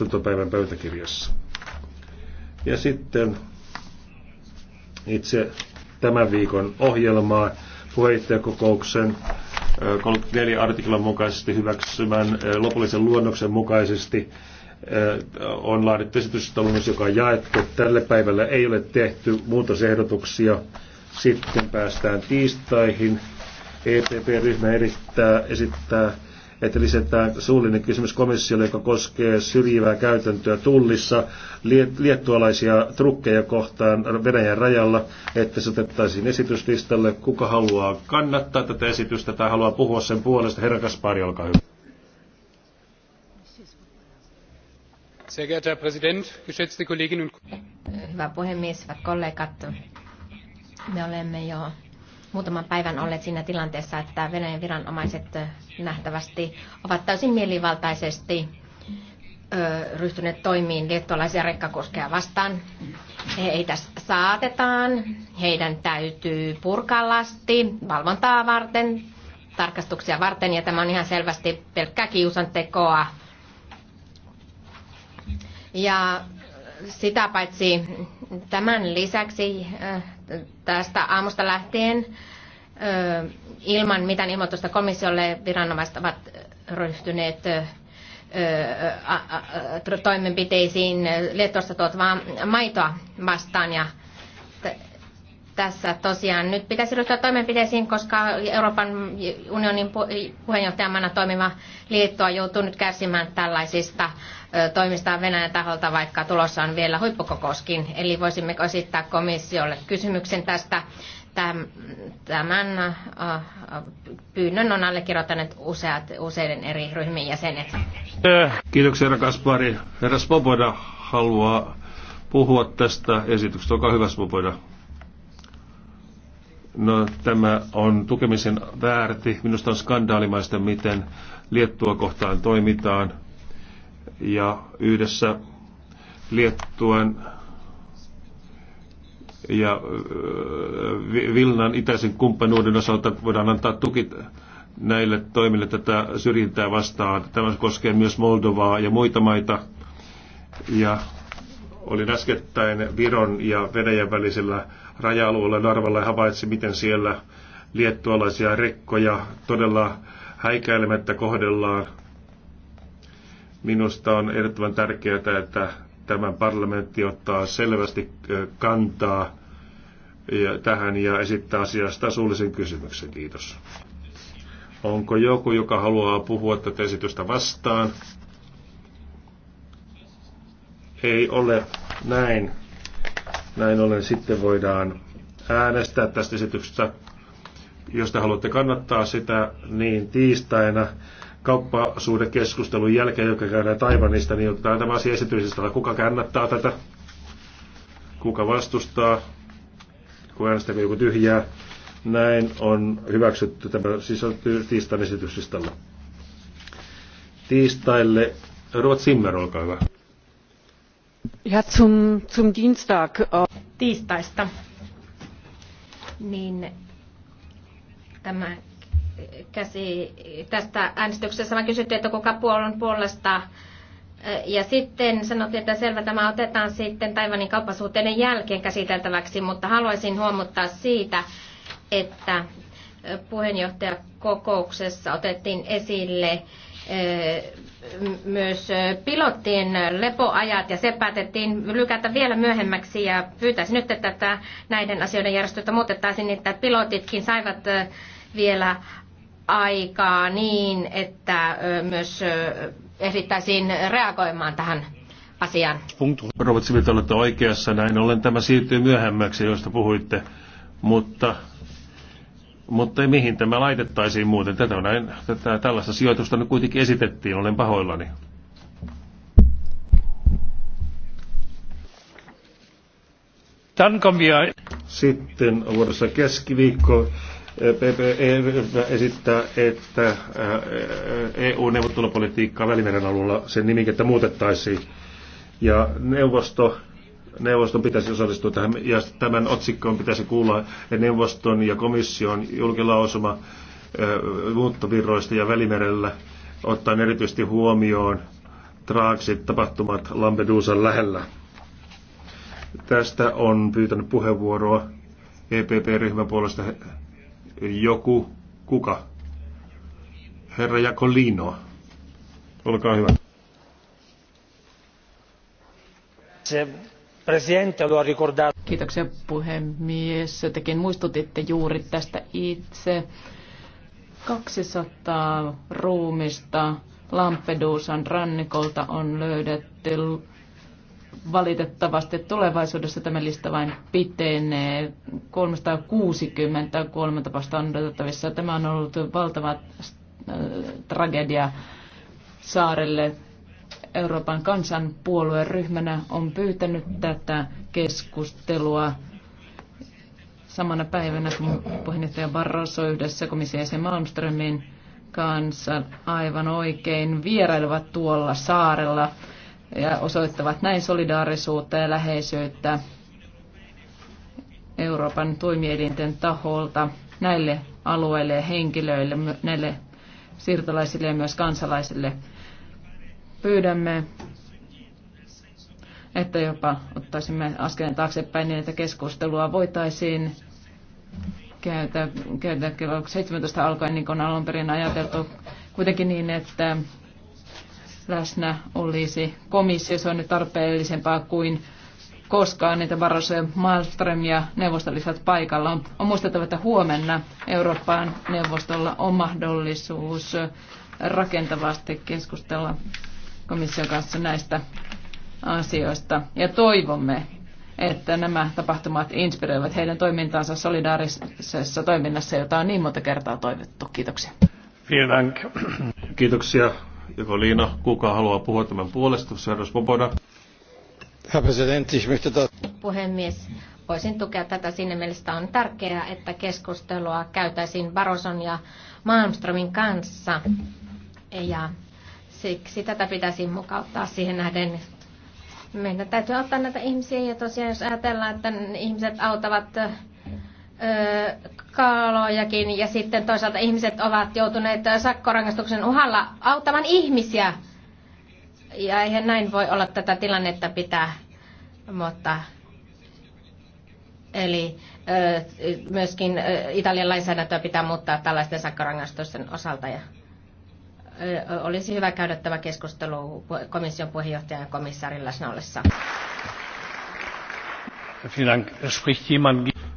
istuntopäivän pöytäkirjassa. Ja sitten itse tämän viikon ohjelmaa puheenjohtajakokouksen 34 artiklan mukaisesti hyväksymän lopullisen luonnoksen mukaisesti on laadittu esitystalous, joka on jaettu. Tälle päivälle ei ole tehty muutosehdotuksia. Sitten päästään tiistaihin. EPP-ryhmä esittää, esittää että lisätään suullinen kysymys komissiolle, joka koskee syrjivää käytäntöä tullissa liettualaisia trukkeja kohtaan Venäjän rajalla, että se otettaisiin esityslistalle. Kuka haluaa kannattaa tätä esitystä tai haluaa puhua sen puolesta? Herra Kaspari, olkaa hyvä. Hyvä puhemies, hyvät kollegat. Me olemme jo muutaman päivän olleet siinä tilanteessa, että Venäjän viranomaiset nähtävästi ovat täysin mielivaltaisesti ryhtyneet toimiin liettualaisia rekkakuskeja vastaan. Heitä saatetaan, heidän täytyy purkaa lasti valvontaa varten, tarkastuksia varten, ja tämä on ihan selvästi pelkkää kiusantekoa. Ja sitä paitsi tämän lisäksi tästä aamusta lähtien ilman mitään ilmoitusta komissiolle viranomaiset ovat ryhtyneet toimenpiteisiin Liettuasta tuotavaa maitoa vastaan ja tässä tosiaan nyt pitäisi ryhtyä toimenpiteisiin, koska Euroopan unionin puheenjohtajamana toimiva on joutuu nyt kärsimään tällaisista toimistaan Venäjän taholta, vaikka tulossa on vielä huippukokouskin. Eli voisimmeko esittää komissiolle kysymyksen tästä. Tämän pyynnön on allekirjoittaneet useat, useiden eri ryhmien jäsenet. Kiitoksia, herra Kaspari. Herra Svoboda haluaa puhua tästä esityksestä. Olkaa hyvä, Svoboda. No, tämä on tukemisen väärti. Minusta on skandaalimaista, miten Liettua kohtaan toimitaan. Ja yhdessä Liettuan ja Vilnan itäisen kumppanuuden osalta voidaan antaa tuki näille toimille tätä syrjintää vastaan. Tämä koskee myös Moldovaa ja muita maita. Ja olin äskettäin Viron ja Venäjän välisellä raja-alueella Narvalla ja havaitsi, miten siellä liettualaisia rekkoja todella häikäilemättä kohdellaan. Minusta on erittäin tärkeää, että tämä parlamentti ottaa selvästi kantaa tähän ja esittää asiasta suullisen kysymyksen. Kiitos. Onko joku, joka haluaa puhua tätä esitystä vastaan? Ei ole näin. Näin ollen sitten voidaan äänestää tästä esityksestä. Jos te haluatte kannattaa sitä, niin tiistaina kauppasuhdekeskustelun jälkeen, joka käydään Taivanista, niin otetaan tämä asia esityksestä. Kuka kannattaa tätä? Kuka vastustaa? Kuka äänestää joku tyhjää? Näin on hyväksytty tämä sisältyy tiistain esityslistalla. Tiistaille Ruotsimmer, olkaa hyvä. Ja zum, zum Dienstag. Äh, tiistaista, niin tämä käsi tästä äänestyksestä. Mä kysyttiin, että kuka puolun puolesta. Eh, ja sitten sanottiin, että selvä, tämä otetaan sitten Taivanin kauppasuhteiden jälkeen käsiteltäväksi, mutta haluaisin huomauttaa siitä, että eh, puheenjohtajakokouksessa otettiin esille Eh, myös eh, pilottiin lepoajat ja se päätettiin lykätä vielä myöhemmäksi ja pyytäisin nyt, että tätä, näiden asioiden järjestystä muutettaisiin, niin että pilotitkin saivat eh, vielä aikaa niin, että myös ehdittäisiin reagoimaan tähän asiaan. Robert Smith, olette oikeassa. Näin ollen tämä siirtyy myöhemmäksi, josta puhuitte. Mutta mutta mihin tämä laitettaisiin muuten? Tätä, näin, tätä, tällaista sijoitusta nyt kuitenkin esitettiin, olen pahoillani. Sitten vuodessa keskiviikko PPE esittää, että EU-neuvottelupolitiikkaa Välimeren alueella sen nimikettä muutettaisiin. Ja neuvosto neuvoston pitäisi osallistua tähän, ja tämän otsikkoon pitäisi kuulla neuvoston ja komission julkilausuma muuttovirroista ja välimerellä, ottaen erityisesti huomioon traaksit tapahtumat Lampedusan lähellä. Tästä on pyytänyt puheenvuoroa EPP-ryhmän puolesta joku, kuka? Herra Jakolino. Olkaa hyvä. Se Kiitoksia puhemies. Tekin muistutitte juuri tästä itse. 200 ruumista Lampedusan rannikolta on löydetty. Valitettavasti tulevaisuudessa tämä lista vain pitenee. 360 kuolemantapausta on odotettavissa. Tämä on ollut valtava äh, tragedia saarelle Euroopan kansanpuolueen ryhmänä on pyytänyt tätä keskustelua samana päivänä, kuin puheenjohtaja Barroso yhdessä komission jäsen Malmströmin kanssa aivan oikein vierailevat tuolla saarella ja osoittavat näin solidaarisuutta ja läheisyyttä Euroopan toimielinten taholta näille alueille ja henkilöille, näille siirtolaisille ja myös kansalaisille. Pyydämme, että jopa ottaisimme askeleen taaksepäin niin, että keskustelua voitaisiin käydä, käydä kello 17 alkaen, niin kuin alun perin ajateltu, kuitenkin niin, että läsnä olisi komissio. Se on nyt tarpeellisempaa kuin koskaan niitä Barroso ja Malmström ja neuvostolisat paikalla. On, on muistettava, että huomenna Euroopan neuvostolla on mahdollisuus rakentavasti keskustella komission kanssa näistä asioista. Ja toivomme, että nämä tapahtumat inspiroivat heidän toimintaansa solidaarisessa toiminnassa, jota on niin monta kertaa toivottu. Kiitoksia. Kiitoksia. Joko Liina, kuka haluaa puhua tämän puolesta? Seuraavaksi Popoda. Puhemies, voisin tukea tätä sinne mielestä on tärkeää, että keskustelua käytäisiin Baroson ja Malmströmin kanssa. Ja Siksi tätä pitäisi mukauttaa siihen nähden. Meidän täytyy auttaa näitä ihmisiä ja tosiaan jos ajatellaan, että ihmiset auttavat kaalojakin ja sitten toisaalta ihmiset ovat joutuneet sakkorangaistuksen uhalla auttamaan ihmisiä. Ja eihän näin voi olla tätä tilannetta pitää, mutta eli myöskin Italian lainsäädäntöä pitää muuttaa tällaisten sakkorangaistusten osalta ja olisi hyvä käydä tämä keskustelu komission puheenjohtajan ja komissaarin läsnä ollessa.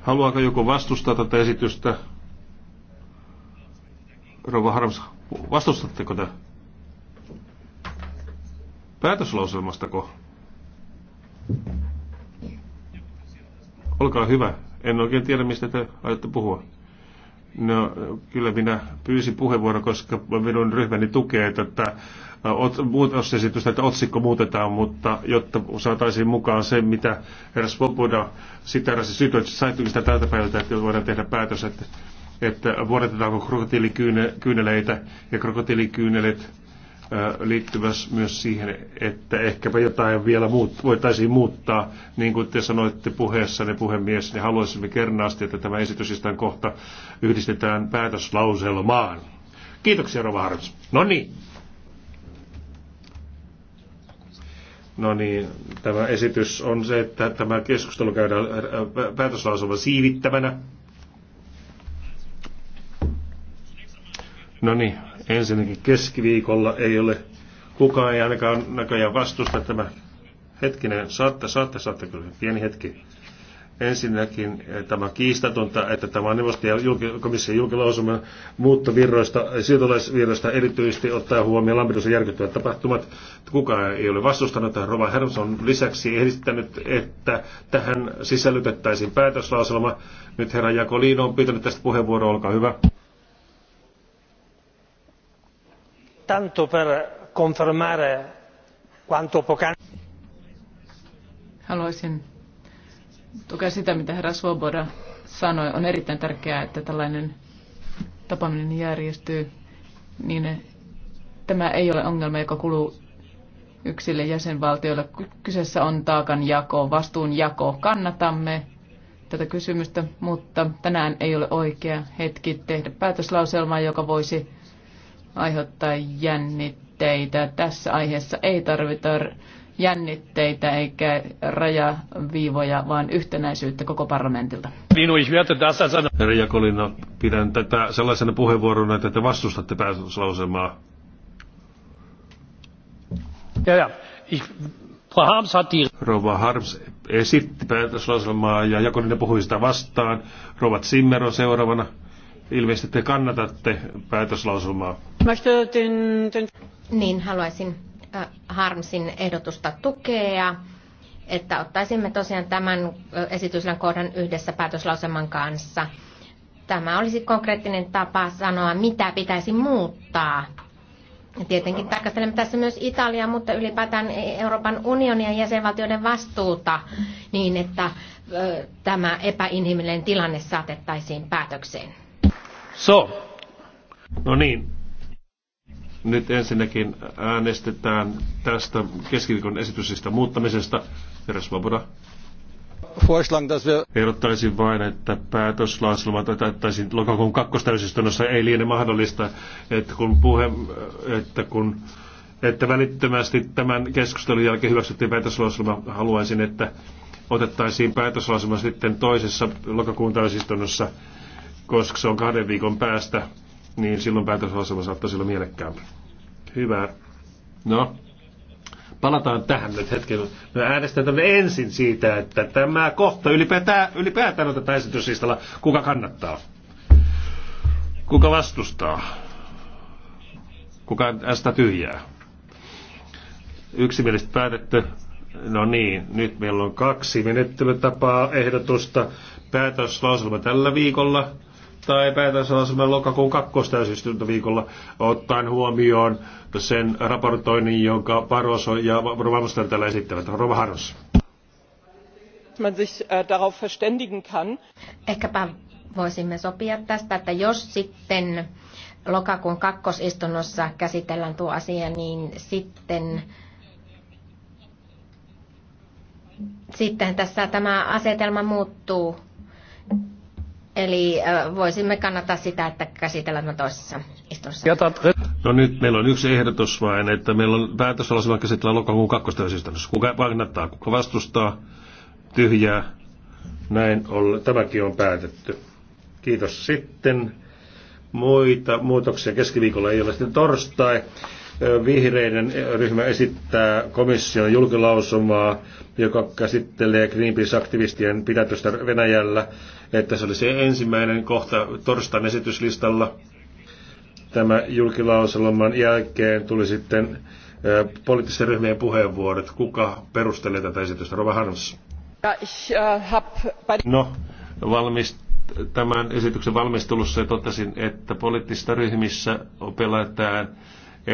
Haluaako joku vastustaa tätä esitystä? Rova Harms, vastustatteko te? Päätöslauselmastako? Olkaa hyvä. En oikein tiedä, mistä te aiotte puhua. No kyllä minä pyysin puheenvuoron, koska minun ryhmäni tukee tätä muutosesitystä, että otsikko muutetaan, mutta jotta saataisiin mukaan se, mitä herra Svoboda siterasi sitä tältä päivältä, että voidaan tehdä päätös, että, että vuodetetaanko krokotiilikyyneleitä ja krokotiilikyynelet liittyvässä myös siihen, että ehkäpä jotain vielä muut, voitaisiin muuttaa. Niin kuin te sanoitte puheessa ne puhemies, niin haluaisimme kernaasti, että tämä esitysistan kohta yhdistetään päätöslauselmaan. Kiitoksia Rova Harms. No niin. No niin, tämä esitys on se, että tämä keskustelu käydään äh, äh, päätöslauselma siivittävänä. No niin, Ensinnäkin keskiviikolla ei ole, kukaan ei ainakaan näköjään vastusta tämä hetkinen, saatte, saatte, saatte kyllä, pieni hetki. Ensinnäkin eh, tämä kiistatonta, että tämä neuvoston julki, komission julkilausuma muuttovirroista, eh, siirtolaisvirroista erityisesti ottaa huomioon Lampedusen järkyttävät tapahtumat. Kukaan ei ole vastustanut tähän. Rova Herms on lisäksi esittänyt, että tähän sisällytettäisiin päätöslauselma. Nyt herra Jakoliino on pitänyt tästä puheenvuoroa, olkaa hyvä. tanto per confermare quanto poc'anzi. Haluaisin tukea sitä, mitä herra Svoboda sanoi. On erittäin tärkeää, että tällainen tapaaminen järjestyy. Niin tämä ei ole ongelma, joka kuluu yksille jäsenvaltioille. Kyseessä on taakanjako, vastuunjako. Kannatamme tätä kysymystä, mutta tänään ei ole oikea hetki tehdä päätöslauselmaa, joka voisi aiheuttaa jännitteitä. Tässä aiheessa ei tarvita jännitteitä eikä rajaviivoja, vaan yhtenäisyyttä koko parlamentilta. Herra Kolina, pidän tätä sellaisena puheenvuorona, että te vastustatte päätöslausemaa. Ja, ja. Ich, Harms hat die... Rova Harms esitti päätöslauselmaa ja Jakoninen puhui sitä vastaan. Rova Zimmer on seuraavana. Ilmeisesti te kannatatte päätöslauselmaa. Niin, haluaisin äh, Harmsin ehdotusta tukea, että ottaisimme tosiaan tämän äh, esityslan kohdan yhdessä päätöslauseman kanssa. Tämä olisi konkreettinen tapa sanoa, mitä pitäisi muuttaa. Tietenkin tarkastelemme tässä myös Italiaa, mutta ylipäätään e- Euroopan unionia ja jäsenvaltioiden vastuuta niin, että äh, tämä epäinhimillinen tilanne saatettaisiin päätökseen. So. No niin, nyt ensinnäkin äänestetään tästä keskiviikon esityksestä muuttamisesta. Herra Svoboda. Ehdottaisin vain, että päätöslauselma täyttäisiin lokakuun kakkostäysistunnossa ei liene mahdollista, että kun, puhe, että kun että välittömästi tämän keskustelun jälkeen hyväksyttiin päätöslauselma, haluaisin, että otettaisiin päätöslauselma sitten toisessa lokakuun täysistunnossa, koska se on kahden viikon päästä niin silloin päätösasema saattaisi olla mielekkäämpi. Hyvä. No, palataan tähän nyt hetken. Mä äänestän ensin siitä, että tämä kohta ylipäätään, ylipäätään otetaan esityslistalla. Kuka kannattaa? Kuka vastustaa? Kuka tästä tyhjää? Yksimielisesti päätetty. No niin, nyt meillä on kaksi menettelytapaa ehdotusta. Päätöslauselma tällä viikolla tai semmoinen lokakuun viikolla ottaen huomioon sen raportoinnin, jonka Barroso ja Valmostar täällä esittävät. Rova Harros. Äh, Ehkäpä voisimme sopia tästä, että jos sitten lokakuun kakkosistunnossa käsitellään tuo asia, niin sitten sitten tässä tämä asetelma muuttuu Eli voisimme kannattaa sitä, että käsitellään toisessa istunnossa. No nyt meillä on yksi ehdotus vain, että meillä on päätösolosema käsitellä lokakuun kakkostyösistunnossa. Kuka kannattaa, kuka vastustaa, tyhjää. Näin olla. Tämäkin on päätetty. Kiitos sitten. Muita muutoksia keskiviikolla ei ole sitten torstai. Vihreiden ryhmä esittää komission julkilausumaa, joka käsittelee Greenpeace-aktivistien pidätystä Venäjällä, että se oli se ensimmäinen kohta torstain esityslistalla. Tämä julkilausuman jälkeen tuli sitten poliittisten ryhmien puheenvuorot. Kuka perustelee tätä esitystä? Rova Harms. Äh, no, valmist, tämän esityksen valmistelussa totesin, että poliittisissa ryhmissä pelätään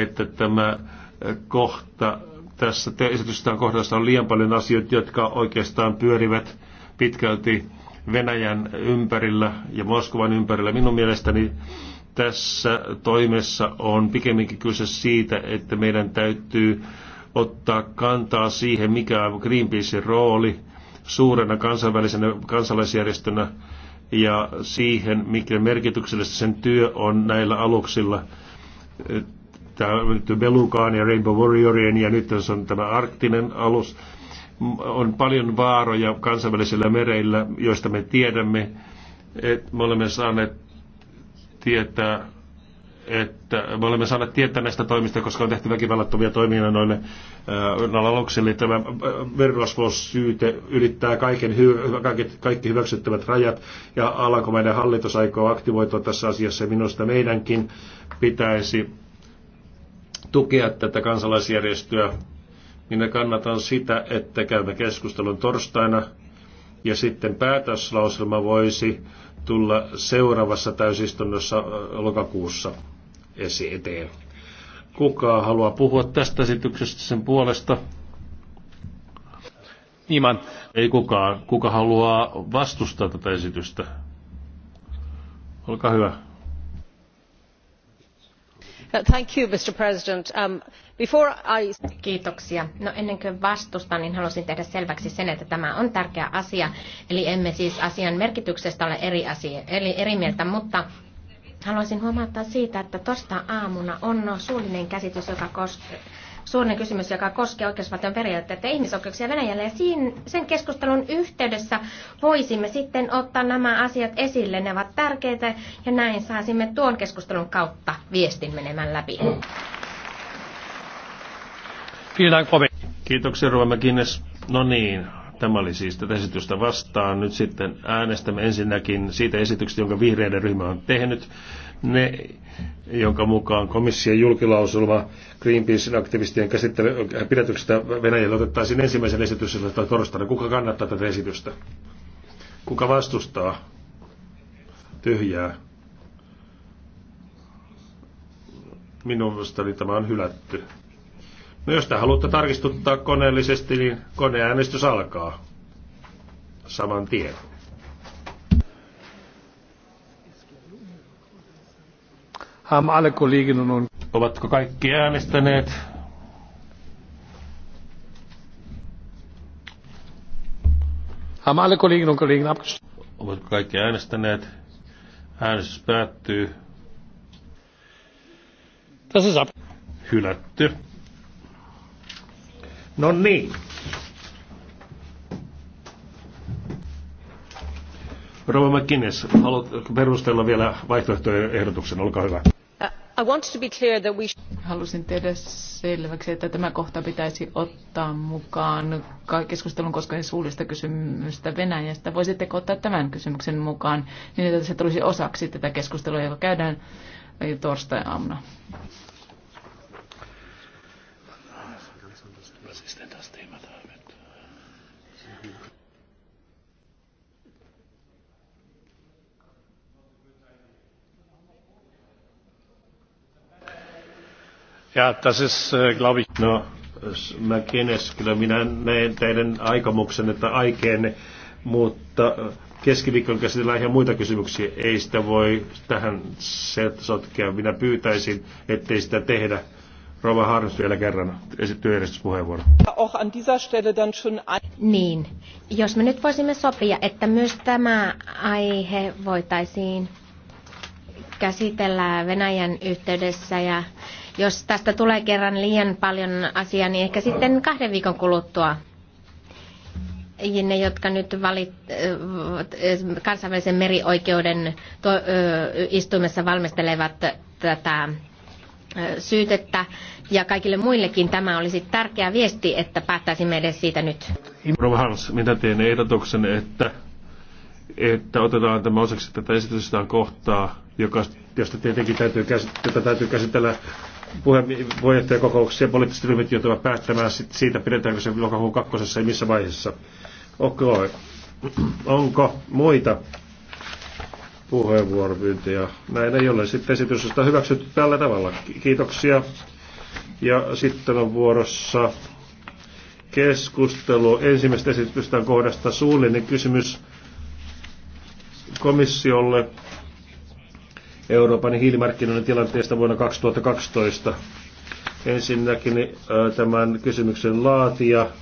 että tämä äh, kohta tässä te- esitystään kohdassa on liian paljon asioita, jotka oikeastaan pyörivät pitkälti Venäjän ympärillä ja Moskovan ympärillä. Minun mielestäni tässä toimessa on pikemminkin kyse siitä, että meidän täytyy ottaa kantaa siihen, mikä on Greenpeacein rooli suurena kansainvälisenä kansalaisjärjestönä ja siihen, mikä merkityksellistä sen työ on näillä aluksilla tämä Belukaan ja Rainbow Warriorien ja nyt on tämä arktinen alus. On paljon vaaroja kansainvälisillä mereillä, joista me tiedämme, että me olemme saaneet tietää että me olemme saaneet tietää näistä toimista, koska on tehty väkivallattomia toimia noille äh, aluksille. Tämä äh, merirosvoussyyte ylittää kaiken, kaikki, kaikki hyväksyttävät rajat ja alankomainen hallitus aikoo aktivoitua tässä asiassa. Minusta meidänkin pitäisi tukea tätä kansalaisjärjestöä. Minä kannatan sitä, että käymme keskustelun torstaina ja sitten päätöslauselma voisi tulla seuraavassa täysistunnossa lokakuussa esi eteen. Kuka haluaa puhua tästä esityksestä sen puolesta? Niman. Ei kukaan. Kuka haluaa vastustaa tätä esitystä? Olkaa hyvä mr president um, before i. kiitoksia. No, ennen kuin vastustan niin haluaisin tehdä selväksi sen että tämä on tärkeä asia eli emme siis asian merkityksestä ole eri, asia, eli mieltä mutta haluaisin huomauttaa siitä että torstaiaamuna aamuna on suullinen käsitys joka koskee suuri kysymys, joka koskee oikeusvaltion periaatteita ja ihmisoikeuksia Venäjällä. Ja siinä, sen keskustelun yhteydessä voisimme sitten ottaa nämä asiat esille. Ne ovat tärkeitä ja näin saisimme tuon keskustelun kautta viestin menemään läpi. Kiitoksia Ruoma Guinness. No niin, tämä oli siis tätä esitystä vastaan. Nyt sitten äänestämme ensinnäkin siitä esityksestä, jonka vihreiden ryhmä on tehnyt ne, jonka mukaan komission julkilausulma Greenpeacein aktivistien äh, pidätyksestä Venäjällä otettaisiin ensimmäisen esityksen torstaina. Kuka kannattaa tätä esitystä? Kuka vastustaa? Tyhjää. Minun mielestäni tämä on hylätty. No jos te haluatte tarkistuttaa koneellisesti, niin koneäänestys alkaa saman tien. haben alle Kolleginnen und Ovatko kaikki äänestäneet? Haben alle Kolleginnen und Kollegen abgestimmt? Ovatko kaikki äänestäneet? Äänestys päättyy. Das ist ab. Hylätty. No niin. Rova McGuinness, haluatko perustella vielä vaihtoehtojen ehdotuksen? Olkaa hyvä. Halusin tehdä selväksi, että tämä kohta pitäisi ottaa mukaan keskustelun koskien suullista kysymystä Venäjästä. Voisitteko ottaa tämän kysymyksen mukaan niin, että se tulisi osaksi tätä keskustelua, joka käydään eh, torstai-aamuna? das ist, äh, glaube ich... No, McGuinness, kyllä minä näen teidän aikomuksenne tai aikeenne, mutta äh, keskiviikkon käsitellään ihan muita kysymyksiä. Ei sitä voi tähän sotkea. Minä pyytäisin, ettei sitä tehdä. Rova Harms vielä kerran työjärjestyspuheenvuoro. Niin, jos me nyt voisimme sopia, että myös tämä aihe voitaisiin käsitellä Venäjän yhteydessä ja jos tästä tulee kerran liian paljon asiaa, niin ehkä sitten kahden viikon kuluttua ne, jotka nyt valit, kansainvälisen merioikeuden to, istuimessa valmistelevat tätä syytettä. Ja kaikille muillekin tämä olisi tärkeä viesti, että päättäisimme edes siitä nyt. Hans, minä teen ehdotuksen, että, että otetaan tämä osaksi tätä esitystä kohtaa, joka, josta tietenkin täytyy, käsitellä, täytyy käsitellä ja poliittiset ryhmät joutuvat päättämään sit siitä, pidetäänkö se lokakuun kakkosessa ja missä vaiheessa. Okay. Onko muita puheenvuoropyyntöjä? Näin ei ole. Sitten esitys on hyväksytty tällä tavalla. Kiitoksia. Ja sitten on vuorossa keskustelu ensimmäisestä esitystä kohdasta suullinen kysymys komissiolle Euroopan hiilimarkkinoiden tilanteesta vuonna 2012. Ensinnäkin tämän kysymyksen laatija